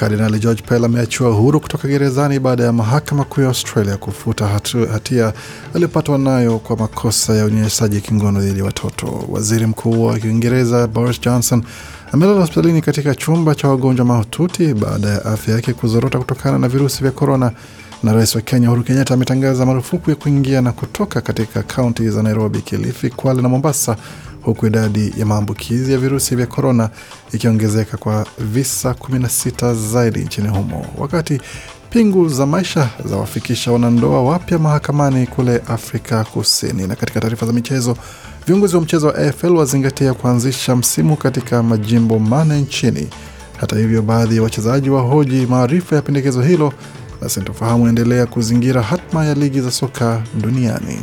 Kardinali George Pell ameachiwa huru kutoka gerezani baada ya mahakama kuu ya Australia kufuta hatia aliyopatwa nayo kwa makosa ya unyanyasaji kingono dhidi ya watoto. Waziri Mkuu wa Uingereza Boris Johnson amelala hospitalini katika chumba cha wagonjwa mahututi baada ya afya yake kuzorota kutokana na virusi vya korona na rais wa Kenya Uhuru Kenyatta ametangaza marufuku ya kuingia na kutoka katika kaunti za Nairobi, Kilifi, Kwale na Mombasa huku idadi ya maambukizi ya virusi vya korona ikiongezeka kwa visa 16 zaidi nchini humo, wakati pingu za maisha za wafikisha wanandoa wapya mahakamani kule Afrika Kusini. Na katika taarifa za michezo, viongozi wa mchezo wa AFL wazingatia kuanzisha msimu katika majimbo mane nchini. Hata hivyo, baadhi ya wachezaji wa hoji maarifa ya pendekezo hilo na sintofahamu endelea kuzingira hatma ya ligi za soka duniani.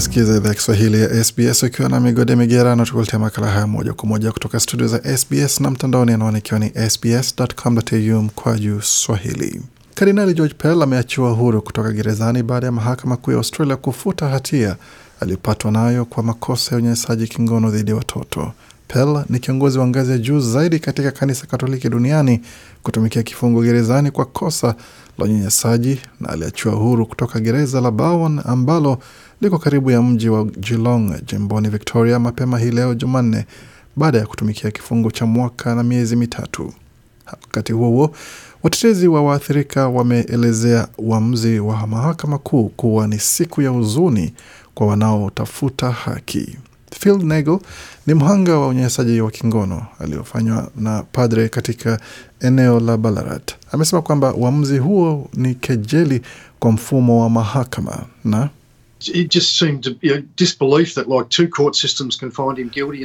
wasikiza idhaa ya Kiswahili ya SBS ukiwa na migode migera tukuletea makala haya moja kwa moja kutoka studio za SBS na mtandaoni, anaonekiwa ni ni sbs.com.au juu swahili. Kardinali George Pell ameachiwa huru kutoka gerezani baada ya mahakama kuu ya Australia kufuta hatia aliyopatwa nayo kwa makosa ya unyanyasaji kingono dhidi ya watoto. Pell ni kiongozi wa ngazi ya juu zaidi katika kanisa Katoliki duniani kutumikia kifungo gerezani kwa kosa la unyanyasaji na aliachiwa huru kutoka gereza la Bowen ambalo liko karibu ya mji wa Geelong jimboni Victoria mapema hii leo Jumanne baada ya kutumikia kifungo cha mwaka na miezi mitatu. Wakati huo huo, watetezi wa waathirika wameelezea uamuzi wa mahakama kuu kuwa ni siku ya huzuni kwa wanaotafuta haki. Phil Nego ni mhanga wa unyanyasaji wa kingono aliyofanywa na padre katika eneo la Ballarat. Amesema kwamba uamuzi huo ni kejeli kwa mfumo wa mahakama na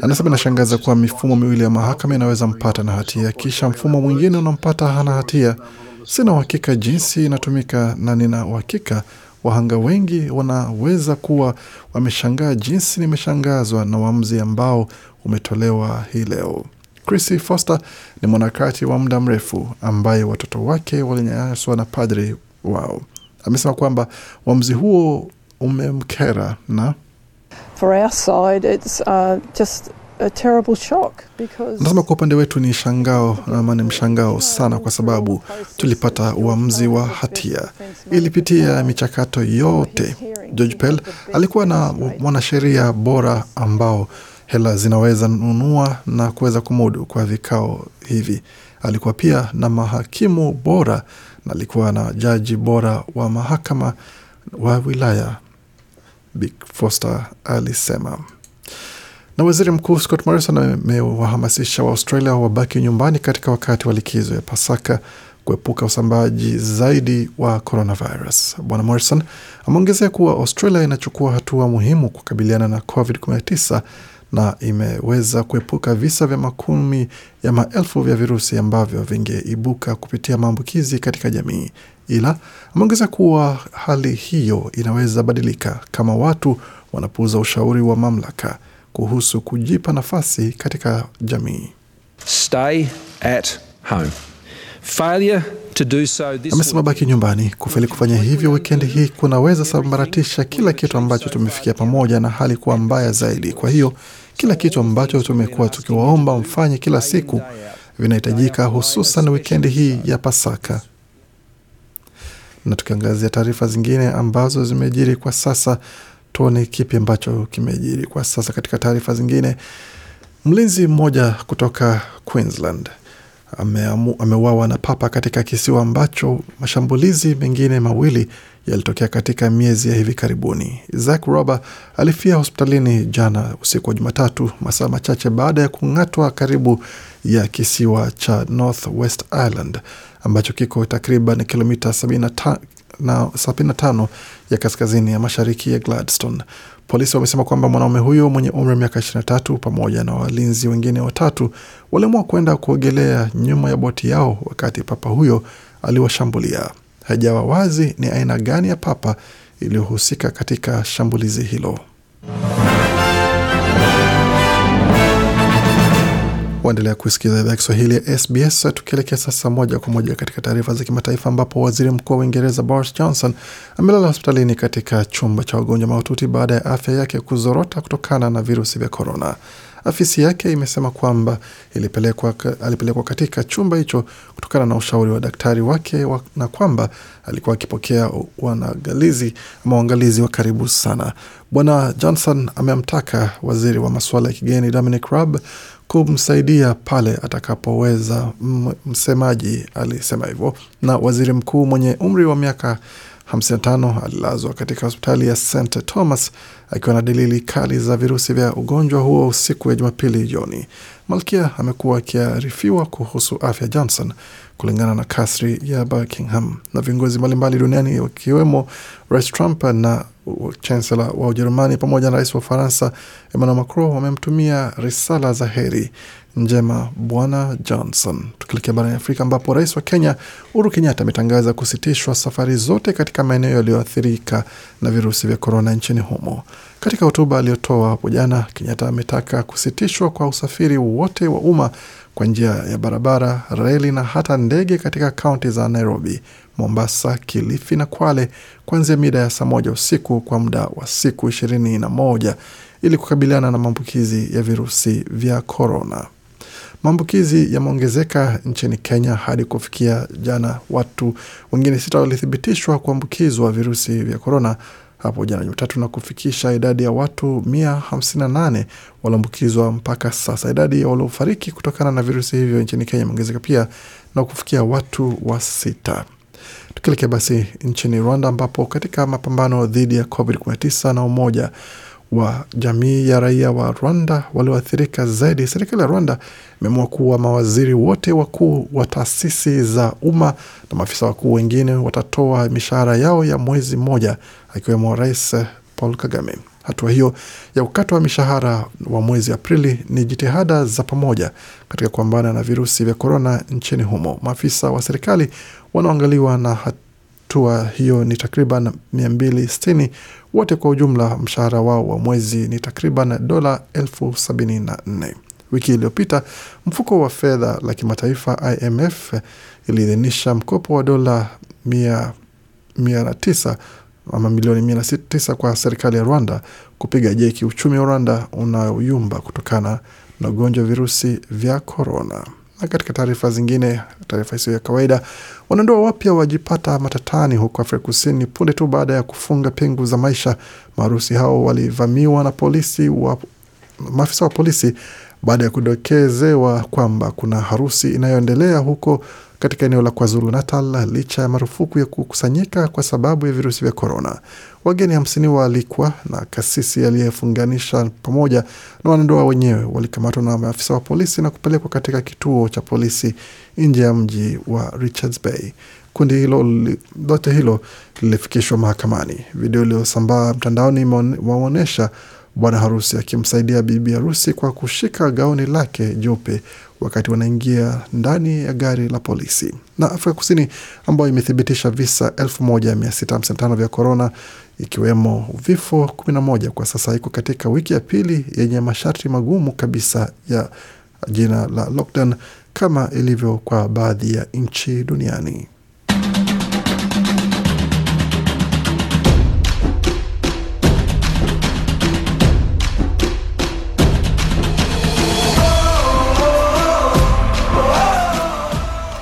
Anasema inashangaza kuwa mifumo miwili ya mahakama inaweza mpata na hatia, kisha mfumo mwingine unampata hana hatia. Sina uhakika jinsi inatumika na nina uhakika Wahanga wengi wanaweza kuwa wameshangaa jinsi nimeshangazwa na uamzi ambao umetolewa hii leo. Chrissy Foster ni mwanakati wa muda mrefu ambaye watoto wake walinyanyaswa na padri wao. Amesema kwamba uamzi huo umemkera na For our side, it's, uh, just Nasema kwa upande wetu ni shangao ama ni mshangao sana, kwa sababu tulipata uamuzi wa hatia, ilipitia michakato yote. George Pell alikuwa na mwanasheria bora ambao hela zinaweza nunua na kuweza kumudu kwa vikao hivi. Alikuwa pia na mahakimu bora na alikuwa na jaji bora wa mahakama wa wilaya, Bi Foster alisema. Na waziri mkuu Scott Morrison amewahamasisha Waaustralia wabaki nyumbani katika wakati wa likizo ya Pasaka kuepuka usambaji zaidi wa coronavirus. Bwana Morrison ameongezea kuwa Australia inachukua hatua muhimu kukabiliana na COVID-19 na imeweza kuepuka visa vya makumi ya maelfu vya virusi ambavyo vingeibuka kupitia maambukizi katika jamii, ila ameongeza kuwa hali hiyo inaweza badilika kama watu wanapuuza ushauri wa mamlaka kuhusu kujipa nafasi katika jamii. Stay at home. Failure to do so this amesema baki nyumbani. Kufeli kufanya hivyo wikendi hii kunaweza sambaratisha kila kitu ambacho tumefikia pamoja na hali kuwa mbaya zaidi. Kwa hiyo kila kitu ambacho tumekuwa tukiwaomba mfanye kila siku vinahitajika, hususan wikendi hii ya Pasaka. Na tukiangazia taarifa zingine ambazo zimejiri kwa sasa, tuone kipi ambacho kimejiri kwa sasa. Katika taarifa zingine, mlinzi mmoja kutoka Queensland ameuawa na papa katika kisiwa ambacho mashambulizi mengine mawili yalitokea katika miezi ya hivi karibuni. Isaac Roba alifia hospitalini jana usiku wa Jumatatu, masaa machache baada ya kung'atwa karibu ya kisiwa cha North West Island ambacho kiko takriban kilomita na 75 ya kaskazini ya mashariki ya Gladstone. Polisi wamesema kwamba mwanaume huyo mwenye umri wa miaka 23 pamoja na walinzi wengine watatu waliamua kwenda kuogelea nyuma ya boti yao wakati papa huyo aliwashambulia. Haijawa wazi ni aina gani ya papa iliyohusika katika shambulizi hilo. Waendelea kusikiliza idhaa Kiswahili ya SBS, tukielekea sasa moja kwa moja katika taarifa za kimataifa, ambapo waziri mkuu wa Uingereza Boris Johnson amelala hospitalini katika chumba cha wagonjwa mahututi baada ya afya yake kuzorota kutokana na virusi vya korona. Afisi yake imesema kwamba alipelekwa katika chumba hicho kutokana na ushauri wa daktari wake wa, na kwamba alikuwa akipokea wanagalizi ama uangalizi wa karibu sana. Bwana Johnson amemtaka waziri wa masuala ya kigeni Dominic Raab kumsaidia pale atakapoweza, msemaji alisema hivyo. Na waziri mkuu mwenye umri wa miaka 55 alilazwa katika hospitali ya St Thomas akiwa na dalili kali za virusi vya ugonjwa huo usiku ya Jumapili jioni. Malkia amekuwa akiarifiwa kuhusu afya Johnson kulingana na kasri ya Buckingham na viongozi mbalimbali duniani wakiwemo Rais Trump na chancellor wa Ujerumani pamoja na rais wa Ufaransa Emmanuel Macron wamemtumia risala za heri njema Bwana Johnson. tukilekea barani Afrika, ambapo rais wa Kenya Uhuru Kenyatta ametangaza kusitishwa safari zote katika maeneo yaliyoathirika na virusi vya korona nchini humo. Katika hotuba aliyotoa hapo jana, Kenyatta ametaka kusitishwa kwa usafiri wote wa umma kwa njia ya barabara, reli na hata ndege katika kaunti za Nairobi, Mombasa, Kilifi na Kwale kuanzia mida ya saa moja usiku kwa muda wa siku ishirini na moja ili kukabiliana na maambukizi ya virusi vya korona. Maambukizi yameongezeka nchini Kenya hadi kufikia jana, watu wengine sita walithibitishwa kuambukizwa virusi vya korona hapo jana Jumatatu na kufikisha idadi ya watu 158 walioambukizwa mpaka sasa. Idadi ya waliofariki kutokana na virusi hivyo nchini Kenya imeongezeka pia na kufikia watu wa sita. Tukielekea basi nchini Rwanda, ambapo katika mapambano dhidi ya COVID-19 na umoja wa jamii ya raia wa Rwanda walioathirika zaidi, serikali ya Rwanda imeamua kuwa mawaziri wote wakuu wa taasisi za umma na maafisa wakuu wengine watatoa mishahara yao ya mwezi mmoja, akiwemo Rais Paul Kagame. Hatua hiyo ya ukato wa mishahara wa mwezi Aprili ni jitihada za pamoja katika kupambana na virusi vya korona nchini humo. Maafisa wa serikali wanaoangaliwa na hatua hiyo ni takriban 260 wote kwa ujumla. Mshahara wao wa mwezi ni takriban dola elfu sabini na nne. Wiki iliyopita mfuko wa fedha la kimataifa IMF iliidhinisha mkopo wa dola mia ama milioni mia tisa kwa serikali ya Rwanda kupiga jeki uchumi wa Rwanda unaoyumba kutokana na ugonjwa wa virusi vya korona. Na katika taarifa zingine, taarifa isiyo ya kawaida, wanandoa wapya wajipata matatani huko Afrika Kusini punde tu baada ya kufunga pingu za maisha. Maarusi hao walivamiwa na polisi wa maafisa wa polisi baada ya kudokezewa kwamba kuna harusi inayoendelea huko katika eneo la KwaZulu Natal licha ya marufuku ya kukusanyika kwa sababu ya virusi vya korona. Wageni hamsini waalikwa na kasisi aliyefunganisha pamoja na wanandoa wenyewe walikamatwa na maafisa wa polisi na kupelekwa katika kituo cha polisi nje ya mji wa Richards Bay. Kundi hilo lote hilo lilifikishwa mahakamani. Video iliyosambaa mtandaoni imewaonyesha bwana harusi akimsaidia bibi harusi kwa kushika gauni lake jeupe wakati wanaingia ndani ya gari la polisi. Na Afrika Kusini ambayo imethibitisha visa 1655 vya korona ikiwemo vifo 11 kwa sasa, iko katika wiki ya pili yenye masharti magumu kabisa ya jina la lockdown kama ilivyo kwa baadhi ya nchi duniani.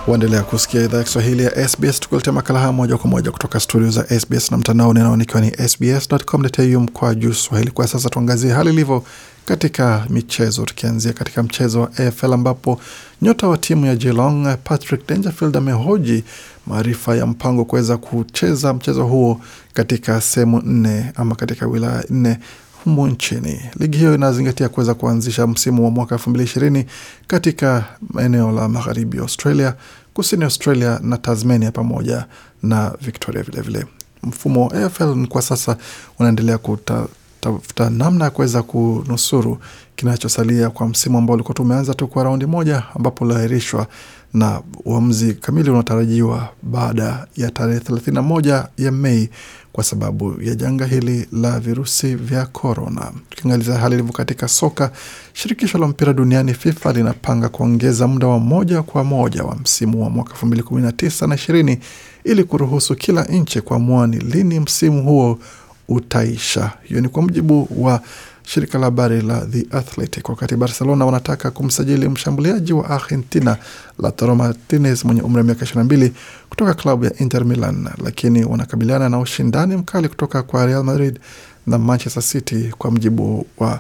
Waendelea kusikia idhaa ya Kiswahili ya SBS tukuletea makala haya moja kwa moja kutoka studio za SBS na mtandaoni naonikiwa ni sbs.com.au mkwa juu swahili. Kwa sasa tuangazie hali ilivyo katika michezo, tukianzia katika mchezo wa AFL ambapo nyota wa timu ya Geelong Patrick Dangerfield amehoji maarifa ya mpango kuweza kucheza mchezo huo katika sehemu nne ama katika wilaya nne humu nchini. Ligi hiyo inazingatia kuweza kuanzisha msimu wa mwaka elfu mbili ishirini katika eneo la magharibi Australia, kusini Australia na Tasmania pamoja na Victoria vilevile vile. Mfumo wa AFL kwa sasa unaendelea kuta tafuta namna ya kuweza kunusuru kinachosalia kwa msimu ambao ulikuwa tumeanza tu kwa raundi moja, ambapo uliahirishwa na uamuzi kamili unatarajiwa baada ya tarehe moja ya Mei kwa sababu ya janga hili la virusi vya korona. Tukiangalizia hali ilivyo katika soka, shirikisho la mpira duniani FIFA linapanga kuongeza muda wa moja kwa moja wa msimu wa mwaka kumi na ishirini ili kuruhusu kila nchi kuamua ni lini msimu huo utaisha. Hiyo ni kwa mujibu wa shirika la habari la The Athletic. Wakati Barcelona wanataka kumsajili mshambuliaji wa Argentina Lautaro Martinez mwenye umri wa miaka mbili kutoka klabu ya Inter Milan, lakini wanakabiliana na ushindani mkali kutoka kwa Real Madrid na Manchester City, kwa mujibu wa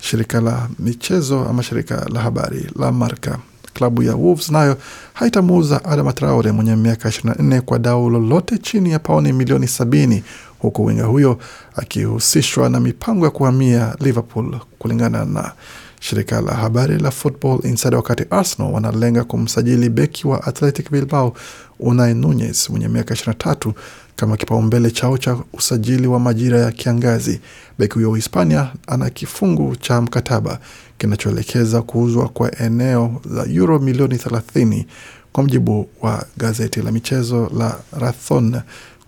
shirika la michezo ama shirika la habari la Marca. Klabu ya Wolves nayo haitamuuza Adama Traore mwenye miaka 24 kwa dau lolote chini ya paoni milioni sabini huku winga huyo akihusishwa na mipango ya kuhamia Liverpool kulingana na shirika la habari la Football Insider, wakati Arsenal wanalenga kumsajili beki wa Athletic Bilbao Unai Nunez mwenye miaka 23 kama kipaumbele chao cha usajili wa majira ya kiangazi. Beki huyo Hispania ana kifungu cha mkataba kinachoelekeza kuuzwa kwa eneo la euro milioni 30 kwa mjibu wa gazeti la michezo la Rathon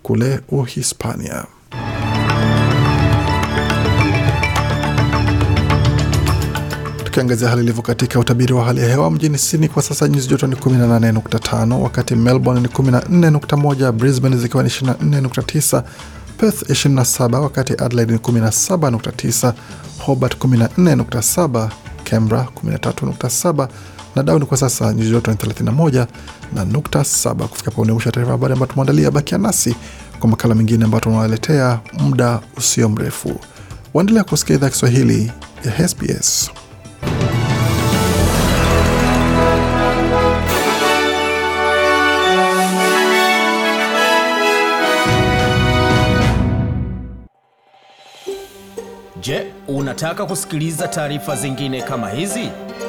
kule Uhispania. Tukiangazia hali ilivyo katika utabiri wa hali ya hewa mjini Sydney kwa sasa nyuzi joto ni 18.5, wakati Melbourne ni 14.1, Brisbane zikiwa ni 24.9, Perth 27, wakati Adelaide ni 17.9, Hobart 14.7, Canberra 13.7 na ni kwa sasa nyuzi joto ni 31 na nukta 7. Kufika pa mwisho ya taarifa habari ambayo tumeandalia, bakia nasi kwa makala mengine ambayo tunawaletea muda usio mrefu. Waendelea kusikia idhaa Kiswahili ya SBS. Je, unataka kusikiliza taarifa zingine kama hizi?